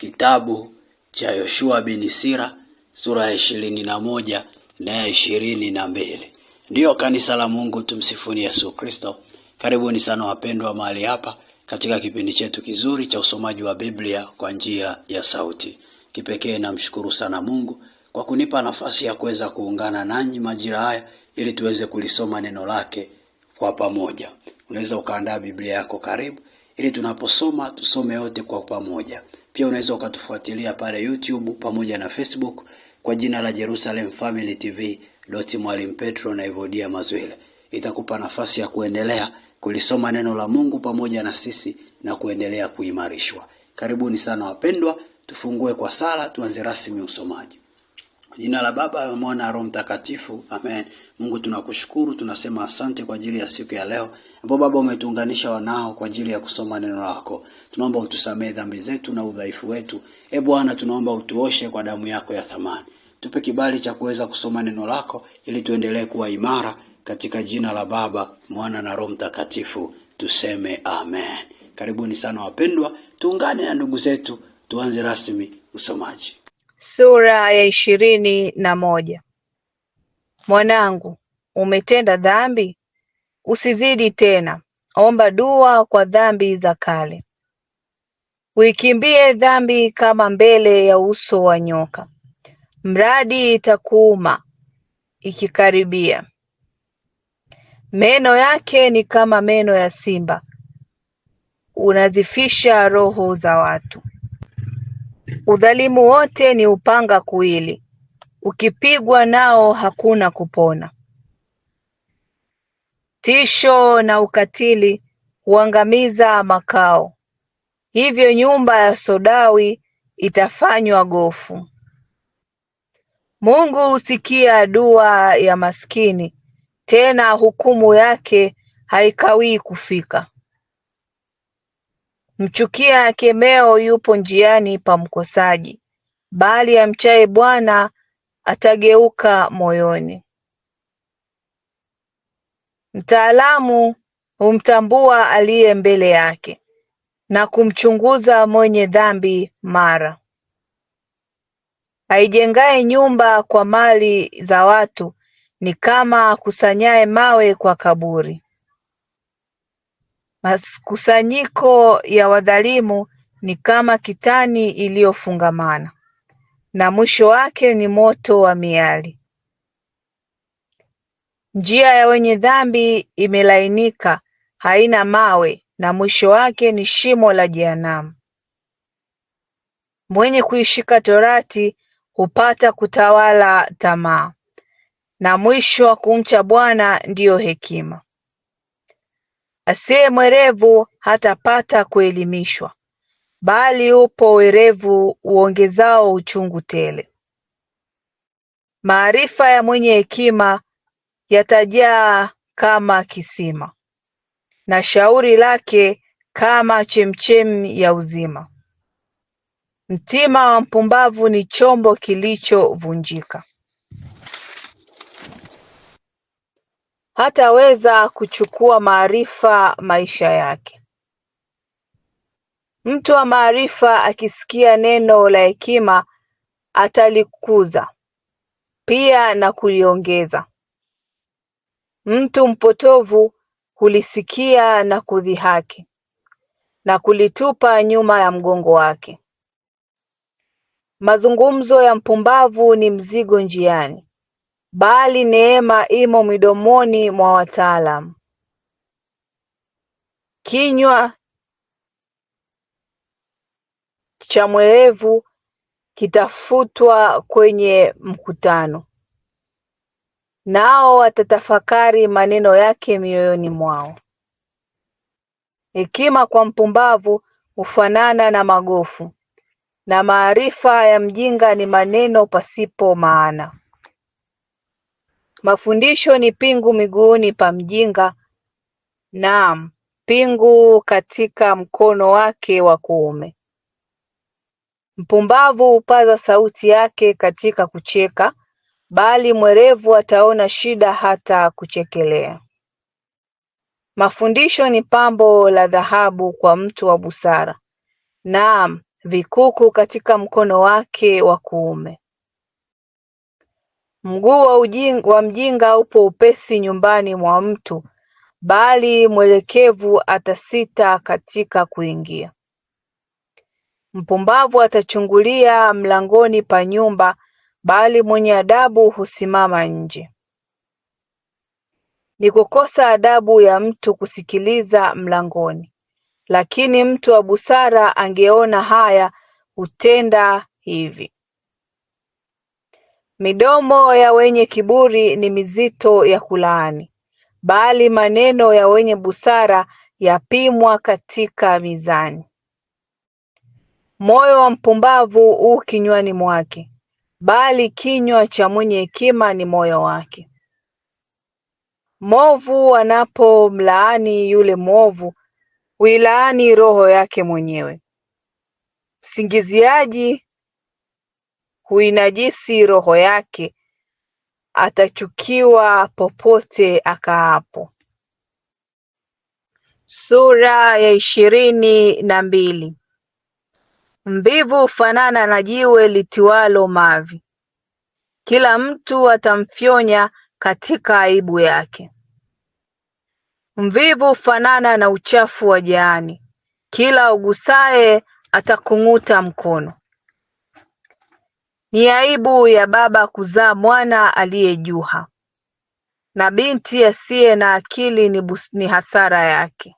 Kitabu cha Yoshua bin Sira sura ya ishirini na moja na ya ishirini na mbili. Ndiyo kanisa la Mungu, tumsifuni Yesu Kristo. Karibuni sana wapendwa mahali hapa katika kipindi chetu kizuri cha usomaji wa Biblia kwa njia ya sauti. Kipekee namshukuru sana Mungu kwa kunipa nafasi ya kuweza kuungana nanyi majira haya ili tuweze kulisoma neno lake kwa pamoja. Unaweza ukaandaa Biblia yako karibu, ili tunaposoma tusome yote kwa pamoja. Pia unaweza ukatufuatilia pale YouTube pamoja na Facebook kwa jina la Jerusalem Family TV doti Mwalimu Petro na Evodia Mazwile. Itakupa nafasi ya kuendelea kulisoma neno la Mungu pamoja na sisi na kuendelea kuimarishwa. Karibuni sana wapendwa, tufungue kwa sala, tuanze rasmi usomaji. Jina la Baba na Mwana na Roho Mtakatifu, amen. Mungu tunakushukuru, tunasema asante kwa ajili ya siku ya leo ambapo Baba umetuunganisha wanao kwa ajili ya kusoma neno lako. Tunaomba utusamehe dhambi zetu na udhaifu wetu. E Bwana, tunaomba utuoshe kwa damu yako ya thamani. Tupe kibali cha kuweza kusoma neno lako ili tuendelee kuwa imara, katika jina la Baba, Mwana na Roho Mtakatifu tuseme amen. Karibuni sana wapendwa, tuungane na ndugu zetu, tuanze rasmi usomaji. Sura ya ishirini na moja. Mwanangu, umetenda dhambi, usizidi tena. Omba dua kwa dhambi za kale. Uikimbie dhambi kama mbele ya uso wa nyoka, mradi itakuuma ikikaribia. Meno yake ni kama meno ya simba, unazifisha roho za watu. Udhalimu wote ni upanga kuili ukipigwa nao hakuna kupona. Tisho na ukatili huangamiza makao, hivyo nyumba ya Sodawi itafanywa gofu. Mungu husikia dua ya maskini, tena hukumu yake haikawii kufika. Mchukia kemeo yupo njiani pa mkosaji, bali amchaye Bwana atageuka moyoni. Mtaalamu humtambua aliye mbele yake, na kumchunguza mwenye dhambi mara. Aijengaye nyumba kwa mali za watu, ni kama akusanyaye mawe kwa kaburi. Makusanyiko ya wadhalimu ni kama kitani iliyofungamana, na mwisho wake ni moto wa miali. Njia ya wenye dhambi imelainika, haina mawe, na mwisho wake ni shimo la Jehanamu. Mwenye kuishika Torati hupata kutawala tamaa, na mwisho wa kumcha Bwana ndiyo hekima. Asiye mwerevu hatapata kuelimishwa bali upo werevu uongezao uchungu tele. Maarifa ya mwenye hekima yatajaa kama kisima, na shauri lake kama chemchemi ya uzima. Mtima wa mpumbavu ni chombo kilichovunjika. hataweza kuchukua maarifa maisha yake. Mtu wa maarifa akisikia neno la hekima atalikuza pia na kuliongeza. Mtu mpotovu hulisikia na kudhihaki na kulitupa nyuma ya mgongo wake. Mazungumzo ya mpumbavu ni mzigo njiani, Bali neema imo midomoni mwa wataalam kinywa cha mwerevu kitafutwa kwenye mkutano, nao watatafakari maneno yake mioyoni mwao. Hekima kwa mpumbavu hufanana na magofu, na maarifa ya mjinga ni maneno pasipo maana. Mafundisho ni pingu miguuni pa mjinga, naam pingu katika mkono wake wa kuume. Mpumbavu hupaza sauti yake katika kucheka, bali mwerevu ataona shida hata kuchekelea. Mafundisho ni pambo la dhahabu kwa mtu wa busara, naam vikuku katika mkono wake wa kuume. Mguu wa mjinga upo upesi nyumbani mwa mtu, bali mwelekevu atasita katika kuingia. Mpumbavu atachungulia mlangoni pa nyumba, bali mwenye adabu husimama nje. Ni kukosa adabu ya mtu kusikiliza mlangoni, lakini mtu wa busara angeona haya hutenda hivi. Midomo ya wenye kiburi ni mizito ya kulaani, bali maneno ya wenye busara yapimwa katika mizani. Moyo wa mpumbavu u kinywani mwake, bali kinywa cha mwenye hekima ni moyo wake. movu anapomlaani yule mwovu, huilaani roho yake mwenyewe. Msingiziaji huinajisi roho yake, atachukiwa popote akaapo. Sura ya ishirini na mbili. Mbivu fanana na jiwe litiwalo mavi, kila mtu atamfyonya katika aibu yake. Mvivu fanana na uchafu wa jaani, kila ugusaye atakung'uta mkono. Ni aibu ya baba kuzaa mwana aliyejuha, na binti asiye na akili ni hasara yake.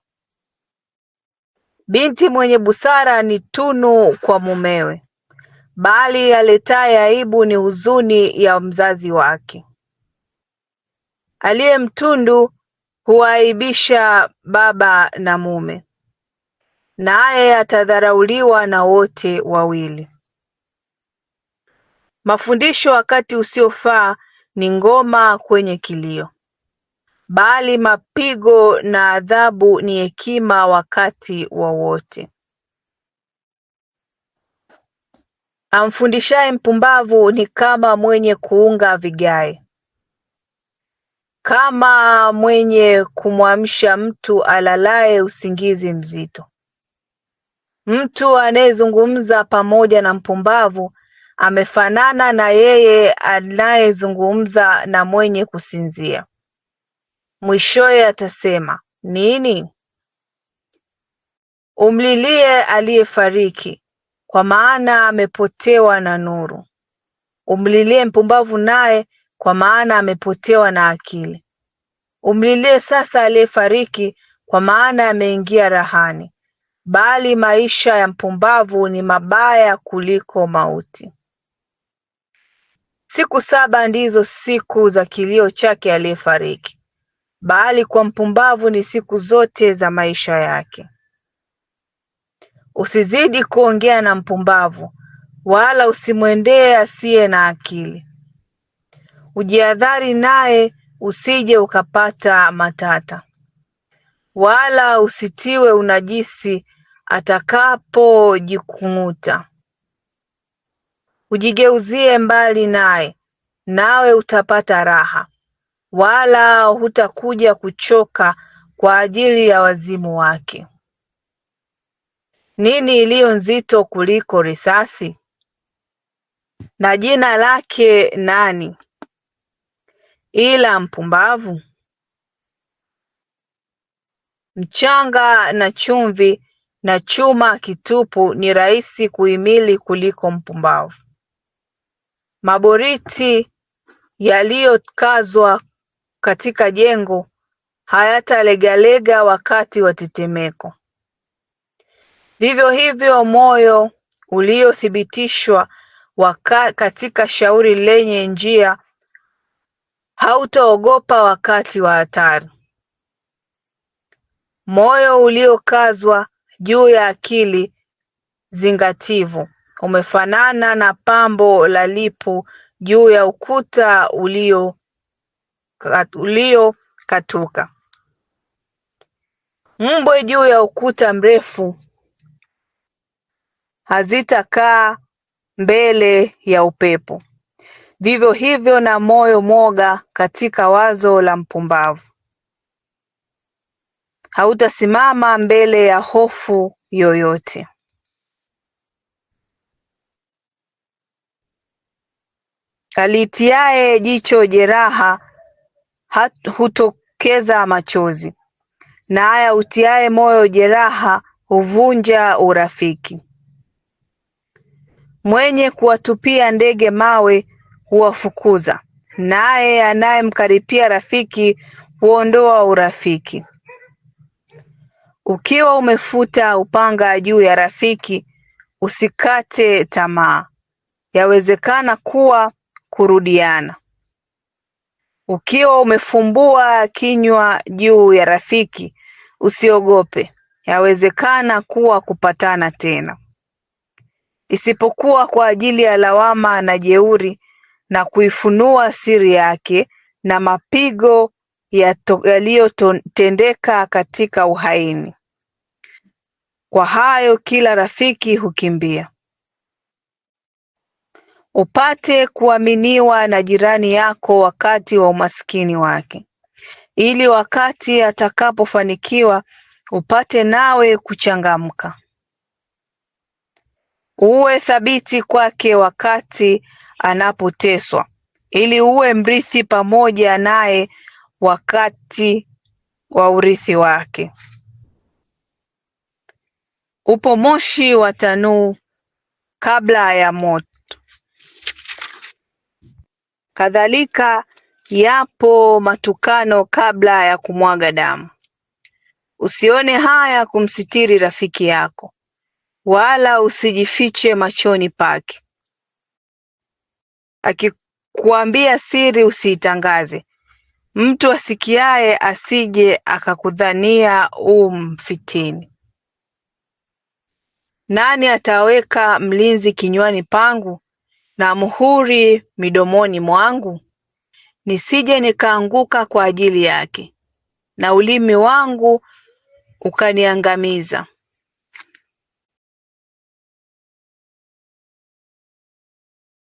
Binti mwenye busara ni tunu kwa mumewe, bali aletaye aibu ni huzuni ya mzazi wake. Aliye mtundu huaibisha baba na mume, naye atadharauliwa na wote wawili. Mafundisho wakati usiofaa ni ngoma kwenye kilio, bali mapigo na adhabu ni hekima wakati wowote. Amfundishaye mpumbavu ni kama mwenye kuunga vigae, kama mwenye kumwamsha mtu alalaye usingizi mzito. Mtu anayezungumza pamoja na mpumbavu Amefanana na yeye anayezungumza na mwenye kusinzia, mwishoye atasema nini? Umlilie aliyefariki, kwa maana amepotewa na nuru; umlilie mpumbavu naye, kwa maana amepotewa na akili. Umlilie sasa aliyefariki, kwa maana ameingia rahani; bali maisha ya mpumbavu ni mabaya kuliko mauti. Siku saba ndizo siku za kilio chake aliyefariki, bali kwa mpumbavu ni siku zote za maisha yake. Usizidi kuongea na mpumbavu, wala usimwendee asiye na akili. Ujihadhari naye usije ukapata matata, wala usitiwe unajisi atakapojikung'uta. Ujigeuzie mbali naye, nawe utapata raha, wala hutakuja kuchoka kwa ajili ya wazimu wake. Nini iliyo nzito kuliko risasi? Na jina lake nani ila mpumbavu? Mchanga na chumvi na chuma kitupu ni rahisi kuhimili kuliko mpumbavu. Maboriti yaliyokazwa katika jengo hayatalegalega wakati wa tetemeko. Vivyo hivyo moyo uliothibitishwa katika shauri lenye njia hautaogopa wakati wa hatari. Moyo uliokazwa juu ya akili zingativu umefanana na pambo la lipu juu ya ukuta uliokatuka. Mbwe juu ya ukuta mrefu hazitakaa mbele ya upepo. Vivyo hivyo na moyo mwoga katika wazo la mpumbavu hautasimama mbele ya hofu yoyote. kalitiae jicho jeraha hutokeza machozi, na haya utiae moyo jeraha huvunja urafiki. Mwenye kuwatupia ndege mawe huwafukuza, naye anayemkaripia rafiki huondoa urafiki. Ukiwa umefuta upanga juu ya rafiki, usikate tamaa; yawezekana kuwa kurudiana. Ukiwa umefumbua kinywa juu ya rafiki, usiogope, yawezekana kuwa kupatana tena, isipokuwa kwa ajili ya lawama na jeuri na kuifunua siri yake na mapigo yaliyotendeka katika uhaini. Kwa hayo kila rafiki hukimbia, upate kuaminiwa na jirani yako wakati wa umaskini wake, ili wakati atakapofanikiwa upate nawe kuchangamka. Uwe thabiti kwake wakati anapoteswa, ili uwe mrithi pamoja naye wakati wa urithi wake. Upo moshi wa tanuu kabla ya moto. Kadhalika yapo matukano kabla ya kumwaga damu. Usione haya kumsitiri rafiki yako, wala usijifiche machoni pake. Akikuambia siri usiitangaze, mtu asikiaye asije akakudhania mfitini Nani ataweka mlinzi kinywani pangu? na muhuri midomoni mwangu, nisije nikaanguka kwa ajili yake, na ulimi wangu ukaniangamiza.